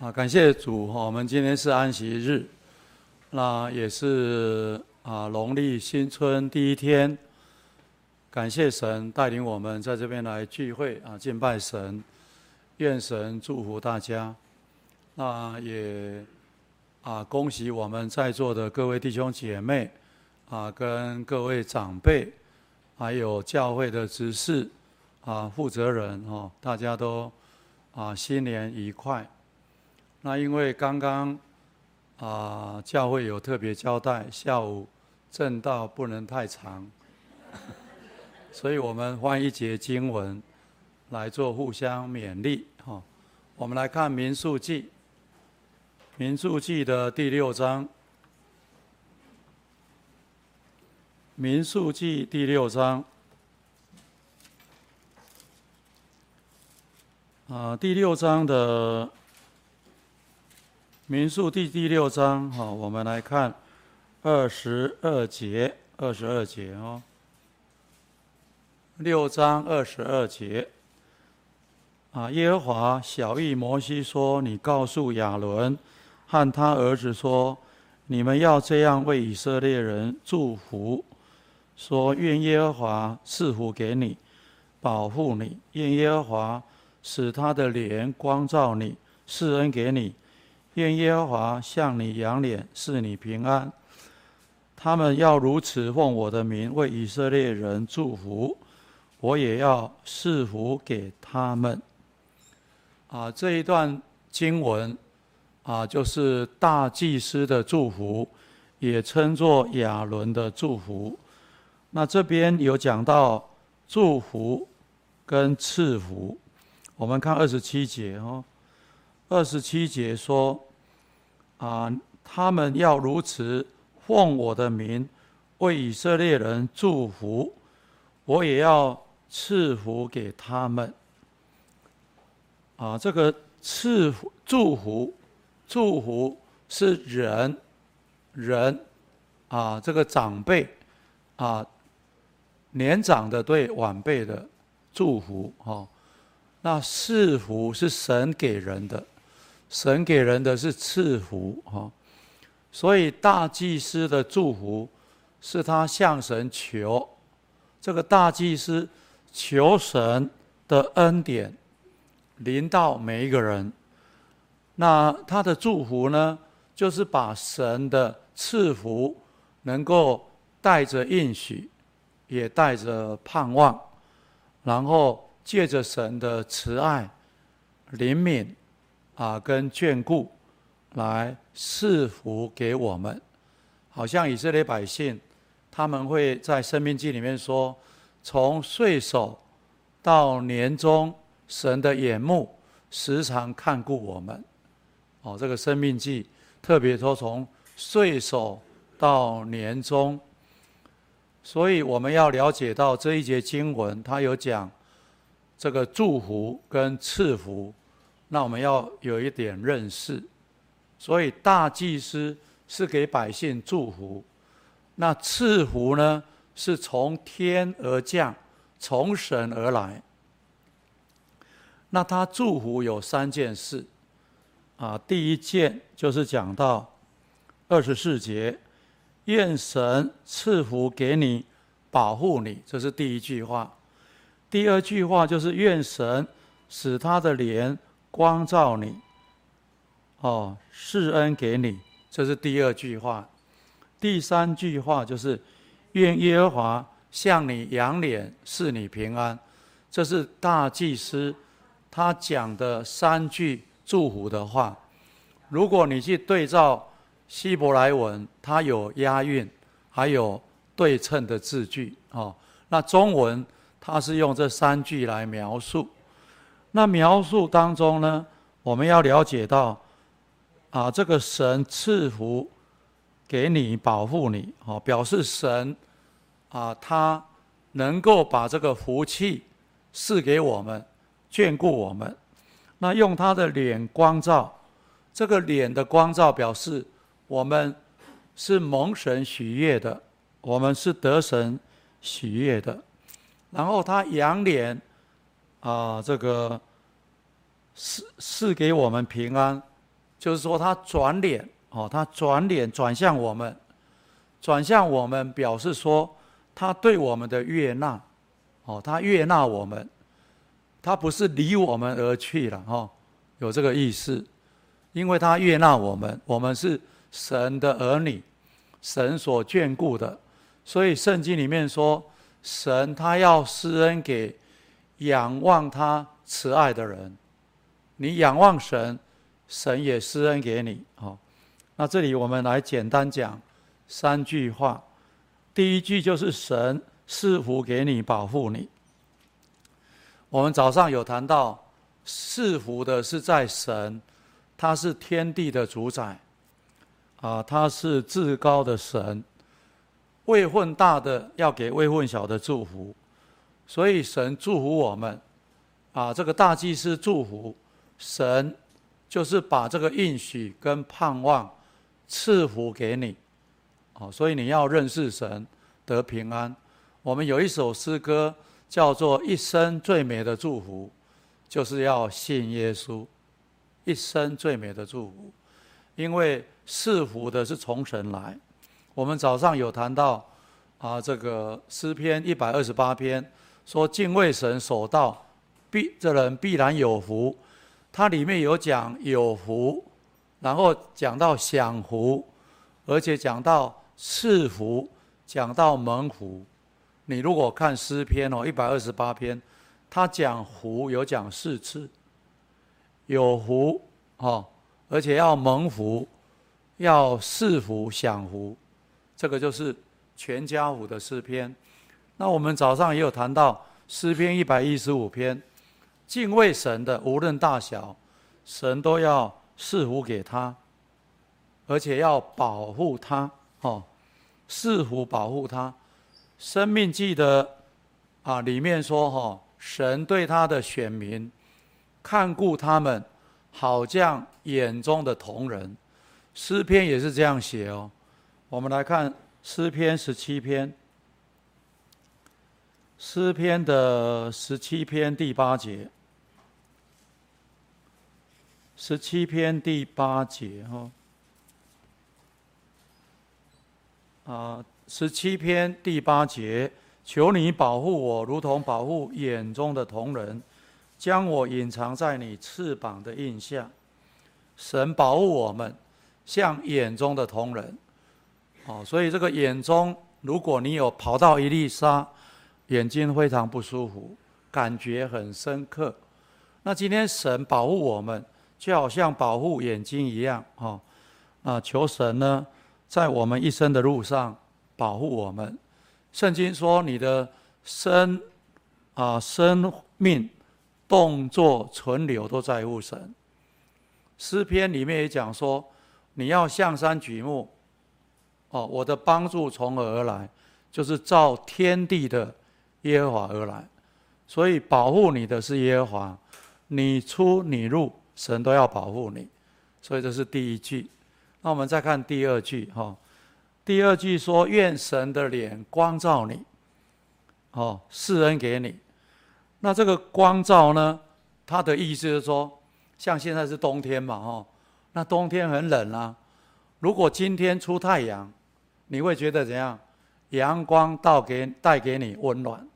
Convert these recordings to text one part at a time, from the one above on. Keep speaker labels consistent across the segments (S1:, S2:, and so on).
S1: 啊，感謝主！哈，我們今天是安息日，那也是啊，農曆新春第一天。感謝神帶領我們在這邊來聚會啊，敬拜神，願神祝福大家。那也啊，恭喜我們在座的各位弟兄姐妹啊，跟各位長輩，還有教會的執事啊、負責人哦，大家都啊，新年愉快！那因為剛剛啊、呃，教會有特別交代，下午正道不能太長， 所以我們換一節經文來做互相勉勵哈、哦。我們來看民數記《民數記》，《民數記》的第六章，《民數記》第六章，啊、呃，第六章的。民數記第六章，哈，我們來看二十二節，二十二節哦，六章二十二節。啊，耶和華曉諭摩西說：“你告訴亞倫和他兒子說，你們要這樣為以色列人祝福，說願耶和華賜福給你，保護你；願耶和華使他的臉光照你，賜恩給你。”願耶和華向你仰臉，賜你平安。他們要如此奉我的名為以色列人祝福，我也要賜福給他們。啊，這一段經文啊，就是大祭司的祝福，也稱作亞倫的祝福。那這邊有講到祝福跟賜福。我們看二十七節哦，二十七節說。啊，他們要如此奉我的名為以色列人祝福，我也要賜福給他們。啊，這個賜福、祝福、祝福是人，人，啊，這個長輩，啊，年長的對晚輩的祝福，哈、哦，那賜福是神給人的。神給人的是賜福，哈，所以大祭司的祝福，是他向神求，這個大祭司求神的恩典臨到每一個人，那他的祝福呢，就是把神的賜福能夠帶着應許，也帶着盼望，然後借着神的慈愛憐憫。靈敏啊，跟眷顧來賜福給我們，好像以色列百姓，他們會在生命記裡面說，從歲首到年終，神的眼目時常看顧我們。哦，這個生命記特別說從歲首到年終，所以我們要了解到這一節經文，它有講這個祝福跟賜福。那我們要有一點認識，所以大祭司是給百姓祝福，那賜福呢，是從天而降，從神而來。那他祝福有三件事，啊，第一件就是講到二十四節，願神賜福給你，保護你，這是第一句話。第二句話就是願神使他的臉，光照你，哦，是恩給你，這是第二句話。第三句話就是，願耶和華向你揚臉，是你平安。這是大祭司他講的三句祝福的話。如果你去對照希伯來文，它有押韻，還有對稱的字句，哦，那中文它是用這三句來描述。那描述當中呢，我們要了解到，啊，這個神賜福給你，保護你，哦，表示神啊，他能夠把這個福氣賜給我們，眷顧我們。那用他的臉光照，這個臉的光照表示我們是蒙神喜悅的，我們是得神喜悅的。然後他仰臉。啊，這個賜賜給我們平安，就是說他轉臉哦，他轉臉轉向我們，轉向我們表示說他對我們的悅納，哦，他悅納我們，他不是離我們而去了哈、哦，有這個意思，因為他悅納我們，我們是神的兒女，神所眷顧的，所以聖經裡面說，神他要施恩給。仰望他慈愛的人，你仰望神，神也施恩給你。好、哦，那這裡我們來簡單講三句話。第一句就是神賜福給你，保護你。我們早上有談到賜福的是在神，他是天地的主宰，啊，他是至高的神。位分大的要給位分小的祝福。所以神祝福我們，啊，這個大祭司祝福神，就是把這個應許跟盼望賜福給你，好，啊，所以你要認識神得平安。我們有一首詩歌叫做《一生最美的祝福》，就是要信耶穌。一生最美的祝福，因為賜福的是從神來。我們早上有談到，啊，這個詩篇一百二十八篇。說敬畏神守道，必這人必然有福。它裡面有講有福，然後講到享福，而且講到賜福，講到蒙福。你如果看詩篇哦，一百二十八篇，他講福有講四次，有福哦，而且要蒙福，要賜福、享福。這個就是全家福的詩篇。那我們早上也有談到詩篇一百一十五篇，敬畏神的無論大小，神都要賜福給他，而且要保護他。哦，賜福保護他。申命記得啊裡面說，哈、哦，神對他的選民看顧他們，好像眼中的瞳人。詩篇也是這樣寫哦。我們來看詩篇十七篇。詩篇的十七篇第八節，十七篇第八節，吼啊！十七篇第八節，求你保護我，如同保護眼中的瞳人，將我隱藏在你翅膀的蔭下。神保護我們，像眼中的瞳人。哦，所以這個眼中，如果你有跑到一粒沙。眼睛非常不舒服，感覺很深刻。那今天神保護我們，就好像保護眼睛一樣，哈、哦。啊，求神呢，在我們一生的路上保護我們。聖經說，你的生啊，生命、動作、存留都在乎神。詩篇裡面也講說，你要向山舉目，哦，我的幫助從何而來？就是造天地的。耶和華而來，所以保護你的是耶和華，你出你入，神都要保護你，所以這是第一句。那我們再看第二句哈、哦，第二句說，願神的臉光照你，哦，施恩給你。那這個光照呢，它的意思是說，像現在是冬天嘛，哈、哦，那冬天很冷啊。如果今天出太陽，你會覺得怎樣？陽光到給帶給你溫暖，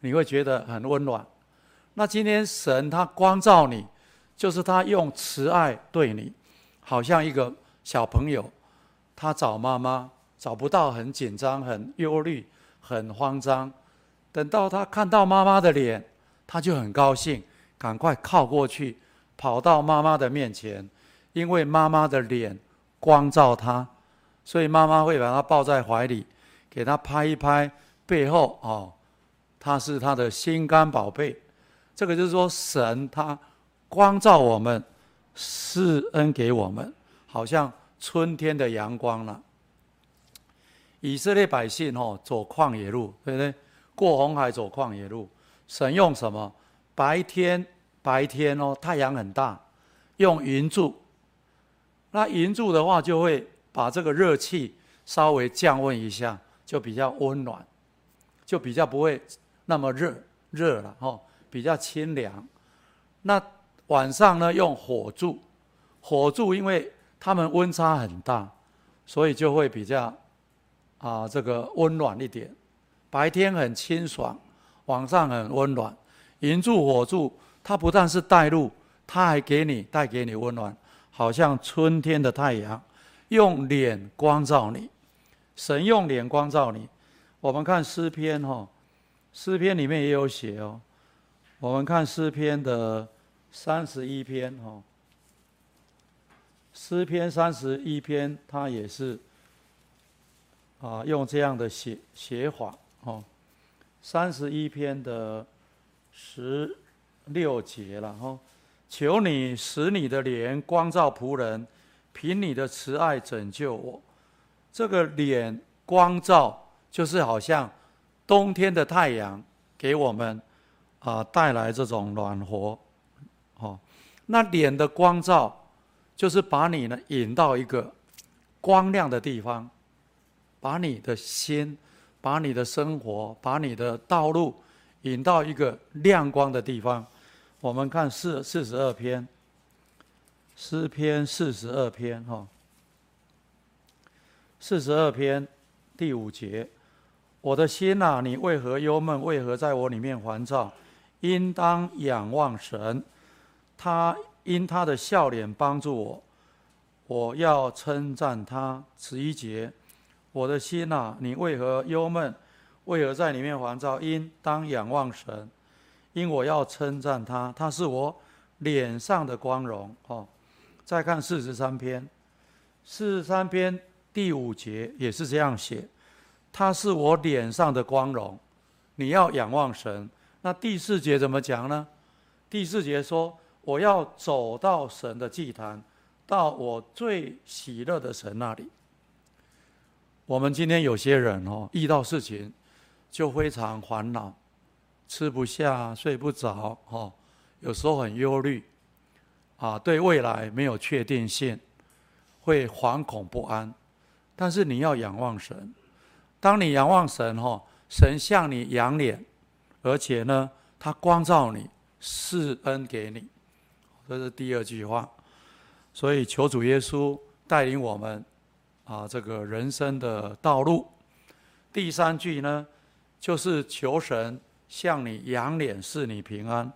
S1: 你會覺得很溫暖。那今天神他光照你，就是他用慈愛對你，好像一個小朋友，他找媽媽找不到很，很緊張、很憂慮、很慌張。等到他看到媽媽的臉，他就很高興，趕快靠過去，跑到媽媽的面前，因為媽媽的臉光照他，所以媽媽會把他抱在懷裡。給他拍一拍背後哦，他是他的心肝寶貝。這個就是說，神他光照我們，施恩給我們，好像春天的陽光了、啊。以色列百姓哦，走曠野路，對不對？過紅海走曠野路，神用什麼？白天白天哦，太陽很大，用雲柱。那雲柱的話，就會把這個熱氣稍微降溫一下。就比較溫暖，就比較不會那麼熱熱了哈，比較清涼。那晚上呢，用火柱，火柱，因為它們溫差很大，所以就會比較啊、呃，這個溫暖一點。白天很清爽，晚上很溫暖。雲柱火柱，它不但是帶路，它還給你帶給你溫暖，好像春天的太陽，用臉光照你。神用臉光照你，我們看詩篇哈，詩篇裡面也有寫哦。我們看詩篇的三十一篇哦，詩篇三十一篇它也是啊用這樣的寫寫法哦。三十一篇的十六節了哈，求你使你的臉光照僕人，憑你的慈愛拯救我。這個臉光照就是好像冬天的太陽給我們啊、呃、帶來這種暖和，哦。那臉的光照就是把你呢，引到一個光亮的地方，把你的心、把你的生活、把你的道路引到一個亮光的地方。我們看四四十二篇，詩篇四十二篇哈。哦四十二篇第五節，我的心哪，你為何憂悶？為何在我裡面煩躁？應當仰望神，他因他的笑臉幫助我，我要稱讚他。十一節，我的心哪，你為何憂悶？為何在裡面煩躁？應當仰望神，因我要稱讚他，他是我臉上的光榮。哦，再看四十三篇，四十三篇。第五節也是這樣寫，他是我臉上的光榮，你要仰望神。那第四節怎麼講呢？第四節說，我要走到神的祭壇，到我最喜樂的神那裡。我們今天有些人哦，遇到事情就非常煩惱，吃不下，睡不着，哦，有時候很憂慮，啊，對未來沒有確定性，會惶恐不安。但是你要仰望神，當你仰望神哈，神向你仰臉，而且呢，他光照你，賜恩給你，這是第二句話。所以求主耶穌帶領我們啊，這個人生的道路。第三句呢，就是求神向你仰臉，賜你平安。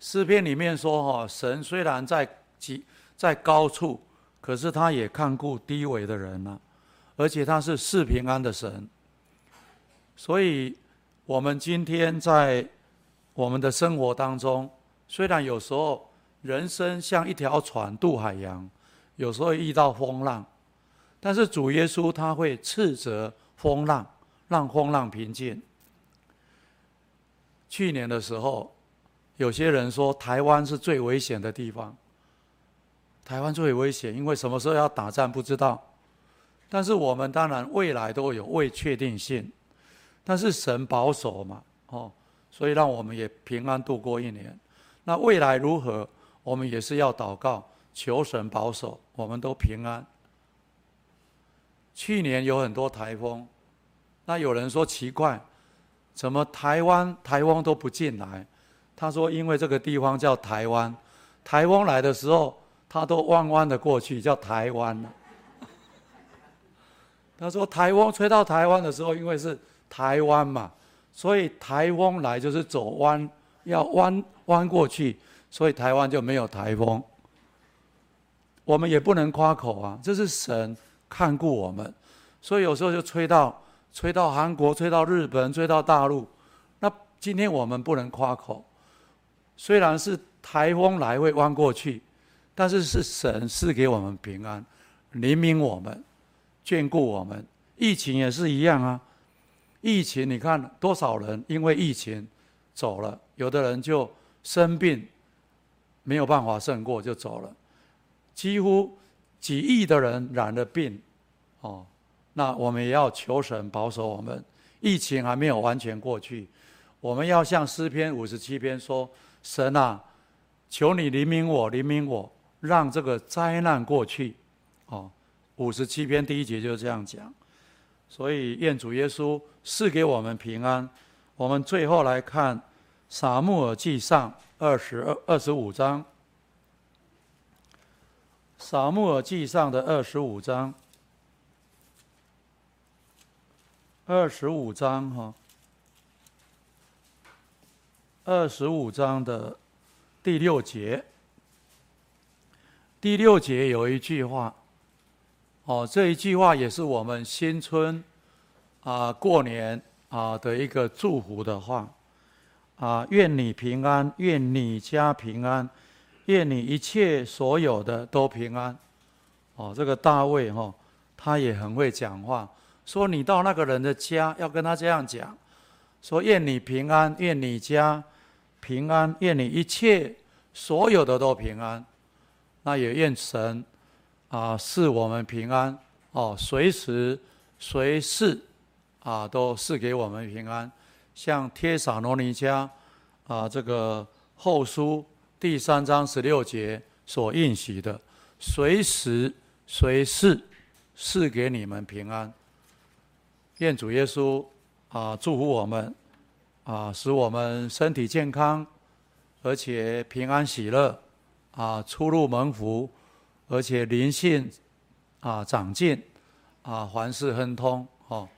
S1: 詩篇裡面說哈，神雖然在極在高處。可是他也看顧低微的人呢、啊，而且他是賜平安的神。所以，我們今天在我們的生活當中，雖然有時候人生像一條船渡海洋，有時候遇到風浪，但是主耶穌他會斥責風浪，讓風浪平靜。去年的時候，有些人說台灣是最危險的地方。台灣最危險，因為什麼時候要打仗不知道。但是我們當然未來都有未確定性，但是神保守嘛，哦，所以讓我們也平安度過一年。那未來如何，我們也是要禱告，求神保守，我們都平安。去年有很多台風，那有人說奇怪，怎麼台灣台風都不進來？他說因為這個地方叫台灣，台風來的時候。它都彎彎的過去，叫台灣。他說：“颱風吹到台灣的時候，因為是台灣嘛，所以颱風來就是走彎，要彎彎過去，所以台灣就沒有颱風。我們也不能誇口啊，這是神看顧我們，所以有時候就吹到吹到韓國，吹到日本，吹到大陸。那今天我們不能誇口，雖然是颱風來會彎過去。”但是是神賜給我們平安，憐憫我們，眷顧我們。疫情也是一樣啊，疫情你看多少人因為疫情走了，有的人就生病，沒有辦法勝過就走了，幾乎幾億的人染了病，哦，那我們也要求神保守我們。疫情還沒有完全過去，我們要像詩篇五十七篇說：神啊，求你憐憫我，憐憫我。讓這個災難過去，哦，五十七篇第一節就是這樣講。所以，願主耶穌賜給我們平安。我們最後來看《撒母耳記上》二十二、二十五章，《撒母耳記上的二十五章》，二十五章哈、哦，二十五章的第六節。第六節有一句話，哦，這一句話也是我們新春啊、呃、過年啊的一個祝福的話啊、呃，願你平安，願你家平安，願你一切所有的都平安。哦，這個大衛哈、哦，他也很會講話，說你到那個人的家要跟他這樣講，說，願你平安，願你家平安，願你一切所有的都平安。那也願神，啊，賜我們平安哦，隨時、隨時，啊，都賜給我們平安，像帖撒羅尼迦，啊，這個後書第三章十六節所應許的，隨時、隨事，賜給你們平安。願主耶穌，啊，祝福我們，啊，使我們身體健康，而且平安喜樂。啊，出入蒙福，而且靈性，啊，長進，啊，凡事亨通，哦。